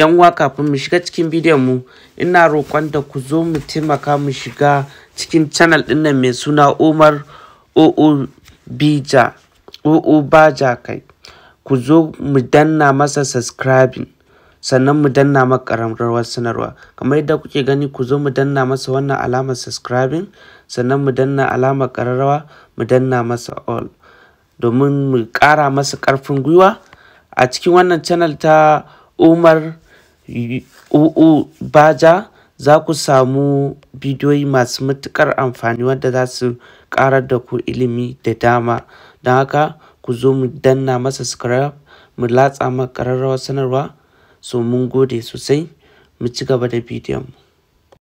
yan uwa kafin mu shiga cikin bidiyon mu ina roƙon da ku zo mu taimaka mu shiga cikin channel din nan mai suna Umar OO Bija OO Baja kai ku zo mu danna masa subscribing sannan mu danna maka ƙararrawar sanarwa kamar yadda kuke gani ku zo mu danna masa wannan alamar subscribing sannan mu danna alamar kararrawa mu danna masa all domin mu ƙara masa ƙarfin gwiwa a cikin wannan channel ta Umar uu Baja za ku samu bidiyoyi masu matuƙar amfani wanda za su ƙarar da ku ilimi da dama. Don haka ku zo mu danna masa subscribe, mu latsa masa ƙararrawar sanarwa. So mun gode sosai, mu ci gaba da bidiyon.